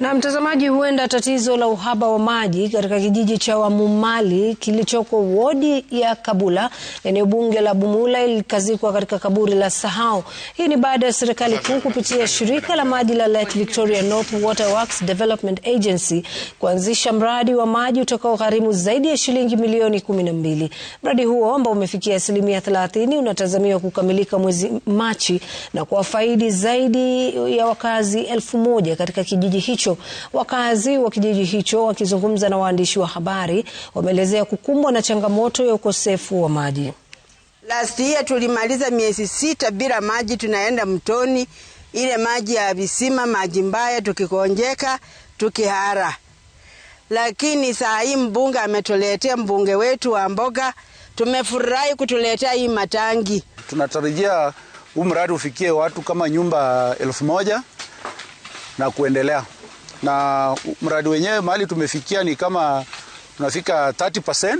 Na mtazamaji, huenda tatizo la uhaba wa maji katika kijiji cha Wamumali kilichoko wodi ya Kabula, eneo bunge la Bumula, ilikazikwa katika kaburi la sahau. Hii ni baada ya serikali kuu kupitia shirika la maji la Lake Victoria North Works Development Agency kuanzisha mradi wa maji utakaogharimu zaidi ya shilingi milioni kumi na mbili. Mradi huo ambao umefikia asilimia thelathini unatazamiwa kukamilika mwezi Machi na kuwafaidi zaidi ya wakazi elfu moja katika kijiji hicho hicho. Wakazi wa kijiji hicho wakizungumza na waandishi wa habari wameelezea kukumbwa na changamoto ya ukosefu wa maji. Last year tulimaliza miezi sita bila maji, tunaenda mtoni, ile maji ya visima, maji mbaya, tukikonjeka tukihara. Lakini saa hii mbunge ametuletea, mbunge wetu wa Mboga, tumefurahi kutuletea hii matangi. Tunatarajia huu mradi ufikie watu kama nyumba elfu moja na kuendelea na mradi wenyewe mahali tumefikia ni kama tunafika 30%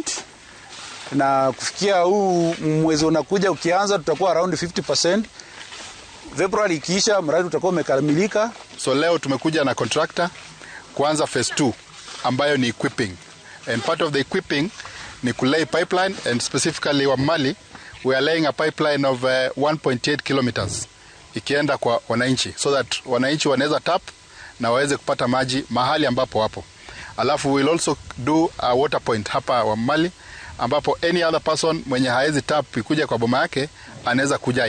na kufikia huu mwezi unakuja ukianza, tutakuwa around 50%. Februari ikiisha, mradi utakuwa umekamilika. So leo tumekuja na contractor kuanza phase 2 ambayo ni equipping and part of the equipping ni kulay pipeline and specifically wa Mali we are laying a pipeline of uh, 1.8 kilometers ikienda kwa wananchi so that wananchi wanaweza tap na waweze kupata maji mahali ambapo wapo. Alafu we'll also do a water point hapa Wamali ambapo any other person mwenye haezi tap kuja kwa boma yake anaweza kuja.